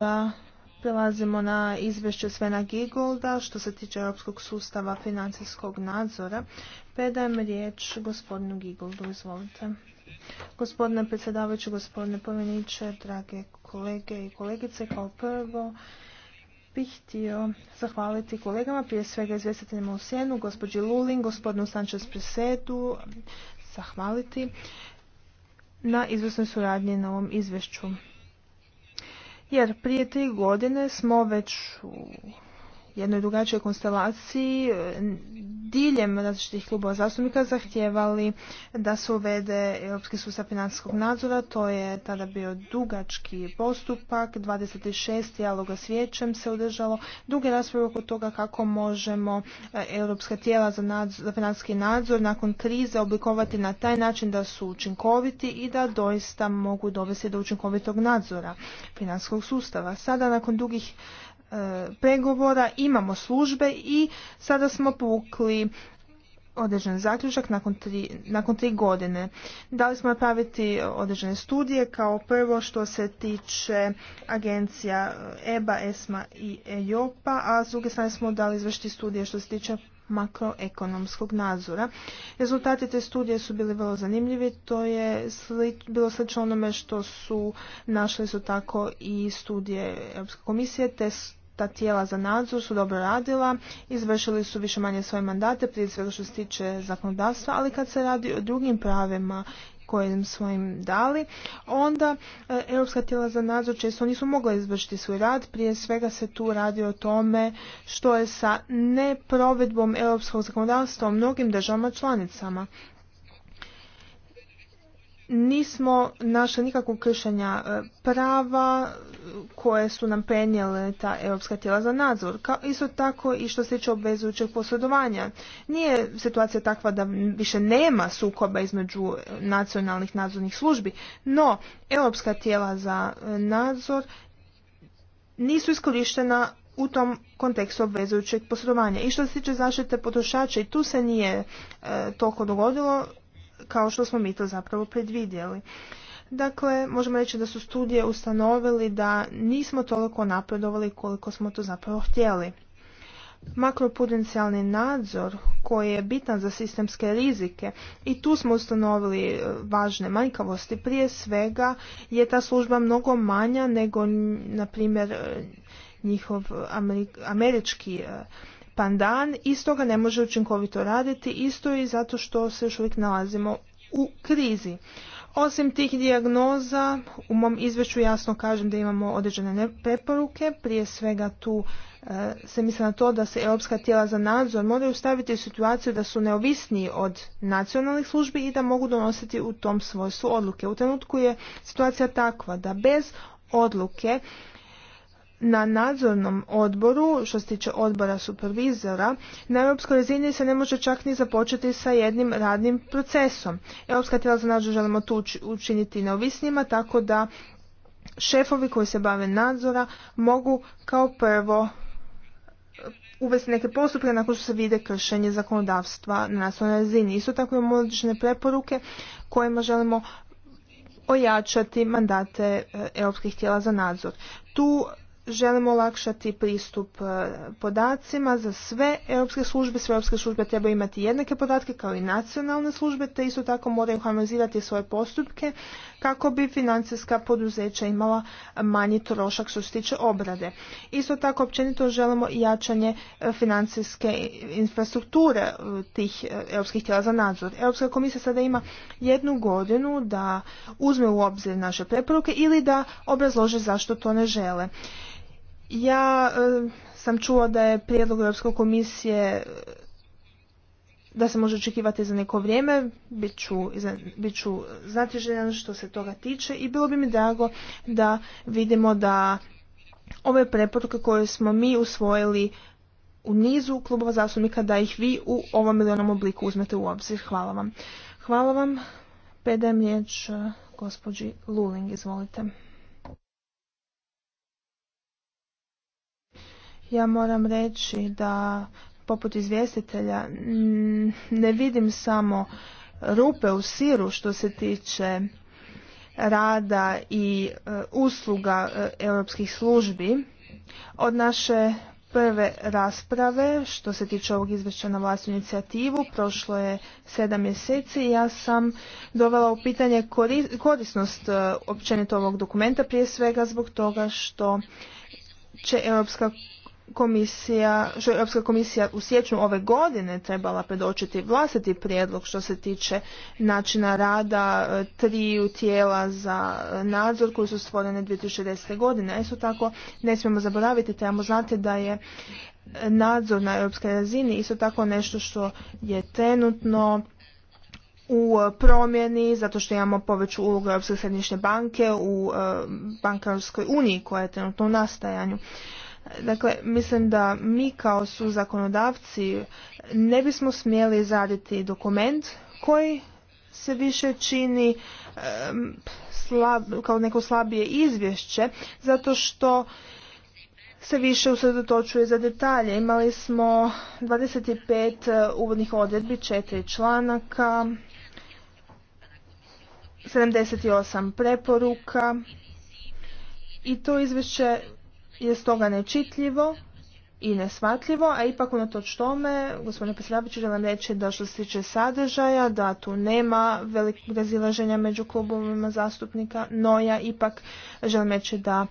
da prelazimo na izvješće Svena Gigolda što se tiče europskog sustava financijskog nadzora. Predajem riječ gospodinu Gigoldu, izvolite. Gospodine predsjedavajući, gospodine povjeniče, drage kolege i kolegice, kao prvo bih htio zahvaliti kolegama, prije svega izvjestiteljima u Sjenu, gospođi Lulin, gospodinu Sanchez Presedu, zahvaliti na izvrsnoj suradnji na ovom izvješću. Jer prije tri godine smo već u jednoj drugačijoj konstelaciji diljem različitih klubova zastupnika zahtjevali da se uvede europski sustav financijskog nadzora. To je tada bio dugački postupak, 26 dijaloga s vijećem se održalo, duge rasprave oko toga kako možemo eh, europska tijela za, nadzor, za financijski nadzor nakon krize oblikovati na taj način da su učinkoviti i da doista mogu dovesti do učinkovitog nadzora financijskog sustava. Sada nakon dugih E, pregovora, imamo službe i sada smo povukli određen zaključak nakon tri, nakon tri godine. Dali smo napraviti određene studije kao prvo što se tiče agencija EBA, e, ESMA i EJOPA, a s druge strane smo dali izvršiti studije što se tiče makroekonomskog nadzora. Rezultati te studije su bili vrlo zanimljivi, to je bilo slično onome što su našli su tako i studije Europske komisije, te ta tijela za nadzor su dobro radila, izvršili su više manje svoje mandate, prije svega što se tiče zakonodavstva, ali kad se radi o drugim pravima koje smo im dali, onda e, europska tijela za nadzor često nisu mogla izvršiti svoj rad. Prije svega se tu radi o tome što je sa neprovedbom europskog zakonodavstva u mnogim državama članicama. Nismo našli nikakvog kršenja e, prava koje su nam prenijele ta europska tijela za nadzor. Kao, isto tako i što se tiče obvezujućeg posredovanja. Nije situacija takva da više nema sukoba između nacionalnih nadzornih službi, no europska tijela za e, nadzor nisu iskorištena u tom kontekstu obvezujućeg posredovanja. I što se tiče zaštite potrošača i tu se nije e, toliko dogodilo kao što smo mi to zapravo predvidjeli. Dakle, možemo reći da su studije ustanovili da nismo toliko napredovali koliko smo to zapravo htjeli. Makropudencijalni nadzor koji je bitan za sistemske rizike i tu smo ustanovili e, važne manjkavosti. Prije svega je ta služba mnogo manja nego, na primjer, e, njihov američki e, pandan i stoga ne može učinkovito raditi, isto i zato što se još uvijek nalazimo u krizi. Osim tih dijagnoza, u mom izvješću jasno kažem da imamo određene preporuke, prije svega tu e, se misli na to da se europska tijela za nadzor moraju staviti u situaciju da su neovisniji od nacionalnih službi i da mogu donositi u tom svojstvu odluke. U trenutku je situacija takva da bez odluke na nadzornom odboru, što se tiče odbora supervizora, na europskoj razini se ne može čak ni započeti sa jednim radnim procesom. Europska tijela za nadzor želimo tu učiniti neovisnima, tako da šefovi koji se bave nadzora mogu kao prvo e, uvesti neke postupke nakon što se vide kršenje zakonodavstva na nacionalnoj razini. Isto tako imamo odlične preporuke kojima želimo ojačati mandate e, europskih tijela za nadzor. Tu želimo olakšati pristup e, podacima za sve europske službe. Sve europske službe trebaju imati jednake podatke kao i nacionalne službe, te isto tako moraju harmonizirati svoje postupke kako bi financijska poduzeća imala manji trošak što se tiče obrade. Isto tako općenito želimo jačanje e, financijske infrastrukture e, tih europskih tijela za nadzor. Europska komisija sada ima jednu godinu da uzme u obzir naše preporuke ili da obrazloži zašto to ne žele. Ja e, sam čuo da je prijedlog Europske komisije da se može očekivati za neko vrijeme, bit ću, bit što se toga tiče i bilo bi mi drago da vidimo da ove preporuke koje smo mi usvojili u nizu klubova zastupnika da ih vi u ovom ili onom obliku uzmete u obzir. Hvala vam. Hvala vam. Predajem riječ e, gospođi Luling. Izvolite. Ja moram reći da poput izvjestitelja mm, ne vidim samo rupe u siru što se tiče rada i e, usluga e, europskih službi. Od naše prve rasprave što se tiče ovog izvješća na vlastnu inicijativu prošlo je sedam mjeseci i ja sam dovela u pitanje korisnost e, općenito ovog dokumenta prije svega zbog toga što će Europska komisija, što je Europska komisija u siječnju ove godine trebala predočiti vlastiti prijedlog što se tiče načina rada e, triju tijela za e, nadzor koji su stvorene 2010. godine. A isto tako ne smijemo zaboraviti, trebamo znati da je e, nadzor na europskoj razini isto tako nešto što je trenutno u promjeni zato što imamo poveću ulogu Europske središnje banke u bankarskoj uniji koja je trenutno u nastajanju. Dakle, mislim da mi kao su zakonodavci ne bismo smjeli izraditi dokument koji se više čini slab, kao neko slabije izvješće, zato što se više usredotočuje za detalje. Imali smo 25 eh, uvodnih odredbi, 4 članaka, 78 preporuka i to izvješće je stoga nečitljivo i nesvatljivo, a ipak unatoč tome, gospodine predsjedavajući, želim reći da što se tiče sadržaja, da tu nema velikog razilaženja među klubovima zastupnika, no ja ipak želim reći da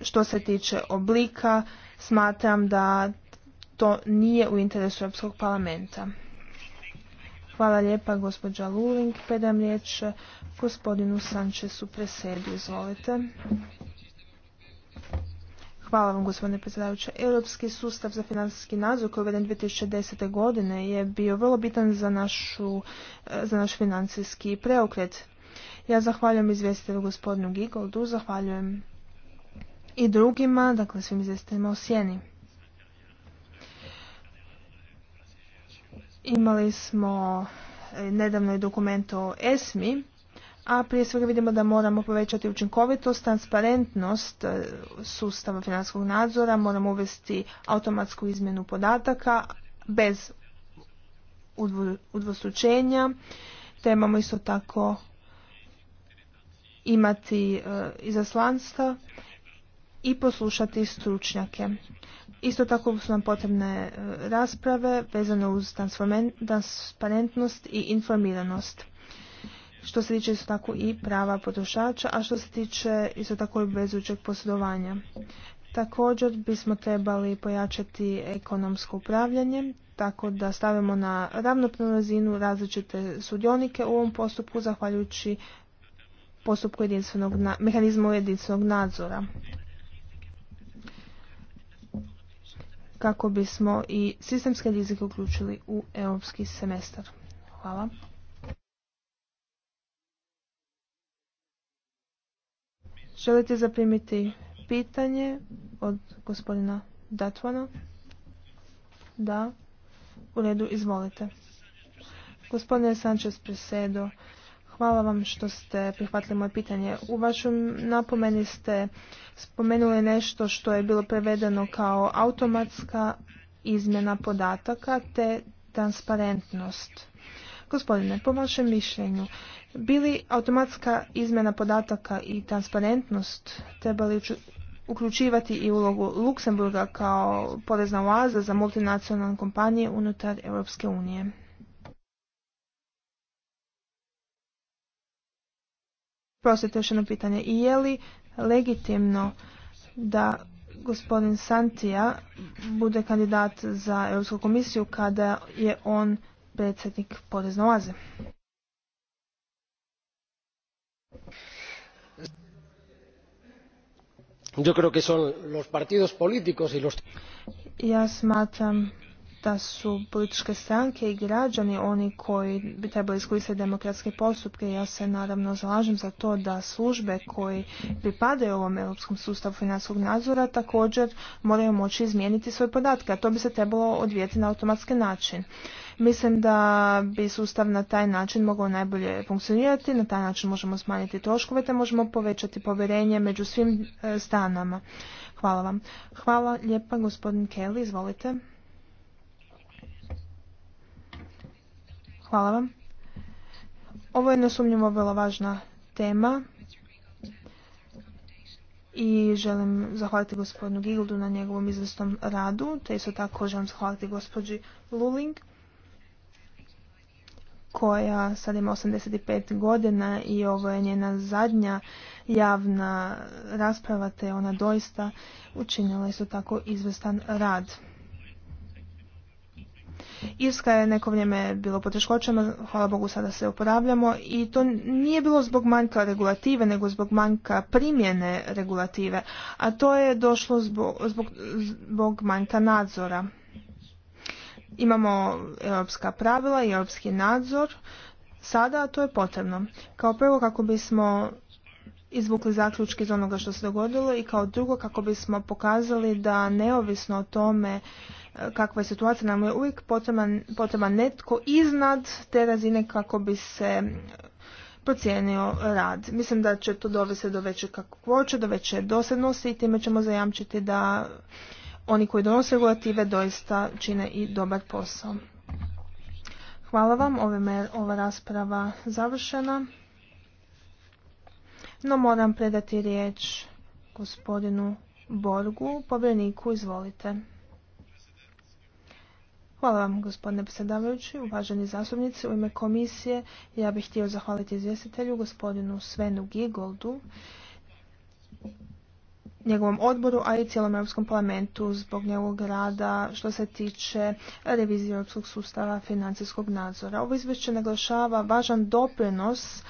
što se tiče oblika, smatram da to nije u interesu Europskog parlamenta. Hvala lijepa gospođa Luling. Predam riječ gospodinu Sančesu Presedu. Izvolite. Hvala vam gospodine predsjedavajući. Europski sustav za financijski nadzor koji je uveden 2010. godine je bio vrlo bitan za, našu, eh, za naš financijski preokret. Ja zahvaljujem izvjestitelju gospodinu Gigoldu, zahvaljujem i drugima, dakle svim izvjestiteljima o sjeni. Imali smo eh, nedavno i dokument o ESMI a prije svega vidimo da moramo povećati učinkovitost, transparentnost e, sustava financijskog nadzora, moramo uvesti automatsku izmjenu podataka bez udvostručenja, trebamo isto tako imati e, izaslanstva i poslušati stručnjake. Isto tako su nam potrebne e, rasprave vezane uz transparentnost i informiranost što se tiče isto tako i prava potrošača, a što se tiče isto tako i obvezujućeg posjedovanja. Također bismo trebali pojačati ekonomsko upravljanje, tako da stavimo na ravnopravnu razinu različite sudionike u ovom postupku, zahvaljujući postupku jedinstvenog, mehanizmu jedinstvenog nadzora. kako bismo i sistemske rizike uključili u europski semestar. Hvala. Želite zaprimiti pitanje od gospodina Datvana? Da. U redu, izvolite. Gospodine Sanchez Presedo, hvala vam što ste prihvatili moje pitanje. U vašoj napomeni ste spomenuli nešto što je bilo prevedeno kao automatska izmjena podataka te transparentnost. Gospodine, po vašem mišljenju, bili automatska izmjena podataka i transparentnost trebali uključivati i ulogu Luksemburga kao porezna oaza za multinacionalne kompanije unutar Europske unije? Prostite još jedno pitanje. I je li legitimno da gospodin Santija bude kandidat za Europsku komisiju kada je on predsjednik porezne oaze. Yo creo que son los partidos políticos y los... Ja smatram da su političke stranke i građani oni koji bi trebali iskoristiti demokratske postupke. Ja se naravno zalažem za to da službe koji pripadaju ovom europskom sustavu financijskog nadzora također moraju moći izmijeniti svoje podatke, a to bi se trebalo odvijeti na automatski način. Mislim da bi sustav na taj način mogao najbolje funkcionirati, na taj način možemo smanjiti troškove te možemo povećati povjerenje među svim e, stanama. Hvala vam. Hvala lijepa gospodin Kelly, izvolite. Hvala vam. Ovo je nesumnjivo vrlo važna tema i želim zahvaliti gospodinu Gildu na njegovom izvrsnom radu, te isto tako želim zahvaliti gospođi Luling koja sad ima 85 godina i ovo je njena zadnja javna rasprava te ona doista učinila isto tako izvrstan rad. Irska je neko vrijeme bilo poteškoćama, hvala Bogu sada se oporavljamo i to nije bilo zbog manjka regulative, nego zbog manjka primjene regulative, a to je došlo zbog, zbog, manjka nadzora. Imamo europska pravila i europski nadzor, sada to je potrebno. Kao prvo kako bismo izvukli zaključke iz onoga što se dogodilo i kao drugo kako bismo pokazali da neovisno o tome e, kakva je situacija nam je uvijek potreban, netko iznad te razine kako bi se e, procijenio rad. Mislim da će to dovesti do veće kakvoće, do veće dosljednosti i time ćemo zajamčiti da oni koji donose regulative doista čine i dobar posao. Hvala vam, ovime je ova rasprava završena. No moram predati riječ gospodinu Borgu, povjereniku, izvolite. Hvala vam gospodine predsjedavajući, uvaženi zastupnici. U ime komisije ja bih htio zahvaliti izvjestitelju gospodinu Svenu Gigoldu, njegovom odboru, a i cijelom Europskom parlamentu zbog njegovog rada što se tiče revizije Europskog sustava financijskog nadzora. Ovo izvješće naglašava važan doprinos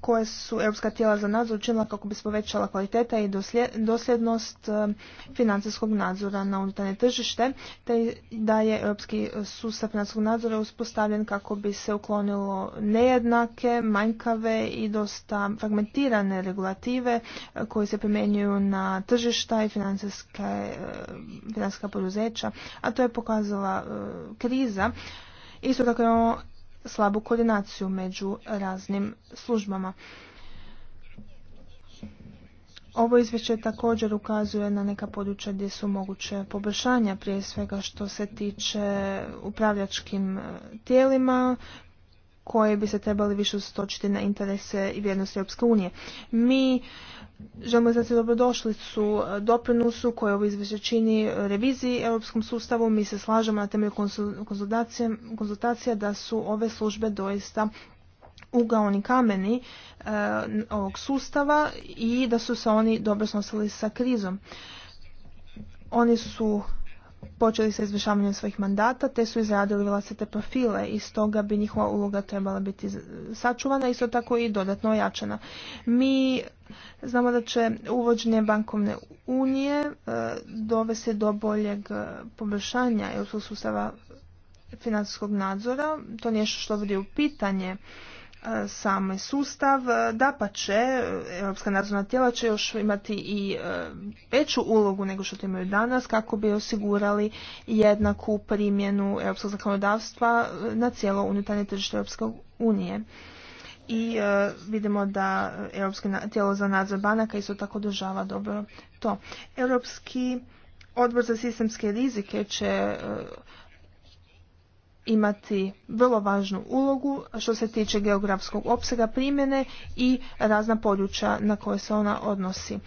koje su europska tijela za nadzor učinila kako bi se povećala kvaliteta i dosljednost e, financijskog nadzora na unutarnje tržište, te da je europski sustav financijskog nadzora uspostavljen kako bi se uklonilo nejednake, manjkave i dosta fragmentirane regulative e, koje se primjenjuju na tržišta i e, financijska poduzeća, a to je pokazala kriza. Isto tako imamo slabu koordinaciju među raznim službama. Ovo izvješće također ukazuje na neka područja gdje su moguće poboljšanja, prije svega što se tiče upravljačkim e, tijelima koje bi se trebali više ustočiti na interese i vrijednosti Europske unije. Mi Želimo dobrodošli dobrodošlicu e, doprinosu koje ovo izvješće čini e, reviziji europskom sustavu. Mi se slažemo na temelju konzultacija da su ove službe doista ugaoni kameni e, ovog sustava i da su se oni dobro snosili sa krizom. Oni su počeli sa izvršavanjem svojih mandata, te su izradili vlastite profile i stoga bi njihova uloga trebala biti sačuvana, isto tako i dodatno ojačana. Mi znamo da će uvođenje bankovne unije e, dovesti do boljeg e, poboljšanja europskog sustava financijskog nadzora. To nije nešto što vodi u pitanje E, sam sustav, e, da pa će Europska nadzorna tijela će još imati i e, veću ulogu nego što to imaju danas kako bi osigurali jednaku primjenu europskog zakonodavstva na cijelo unutarnje tržište Europske unije. I vidimo da Europsko tijelo za nadzor banaka isto tako održava dobro to. Europski odbor za sistemske rizike će imati vrlo važnu ulogu što se tiče geografskog opsega primjene i razna područja na koje se ona odnosi.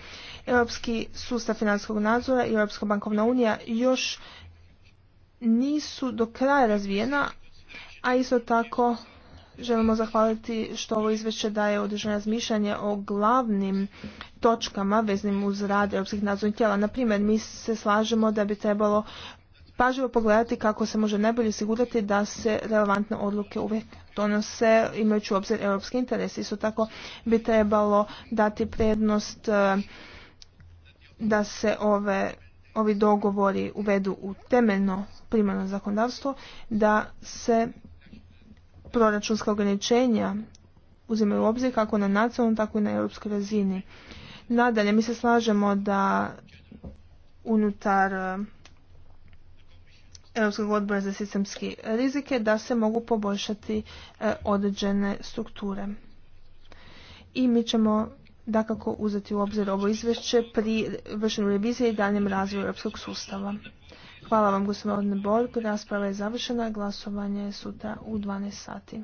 Europski sustav financijskog nadzora i Europska bankovna unija još nisu do kraja razvijena, a isto tako želimo zahvaliti što ovo izvješće daje određeno razmišljanje o glavnim točkama veznim uz rad europskih nadzornih tijela. Na primjer, mi se slažemo da bi trebalo pažljivo pogledati kako se može najbolje osigurati da se relevantne odluke uvijek donose imajući u obzir europski interes. Isto tako bi trebalo dati prednost e, da se ove, ovi dogovori uvedu u temeljno primarno zakonodavstvo, da se proračunska ograničenja uzimaju u obzir kako na nacionalnom, tako i na europskoj razini. Nadalje, mi se slažemo da unutar e, Europskog odbora za sistemski rizike da se mogu poboljšati e, određene strukture. I mi ćemo dakako uzeti u obzir ovo izvješće pri vršenju revizije i daljem razvoju europskog sustava. Hvala vam gospodine Borg, rasprava je završena, glasovanje je sutra u 12 sati.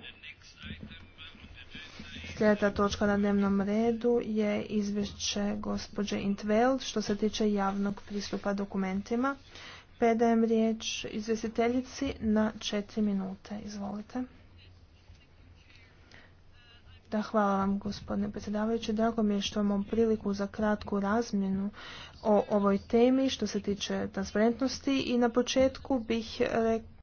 Sljedeća točka na dnevnom redu je izvješće gospođe Intveld što se tiče javnog pristupa dokumentima. Predajem riječ izvjestiteljici na četiri minute. Izvolite. Da, hvala vam gospodine predsjedavajući. Drago mi je što imamo priliku za kratku razmjenu o ovoj temi što se tiče transparentnosti i na početku bih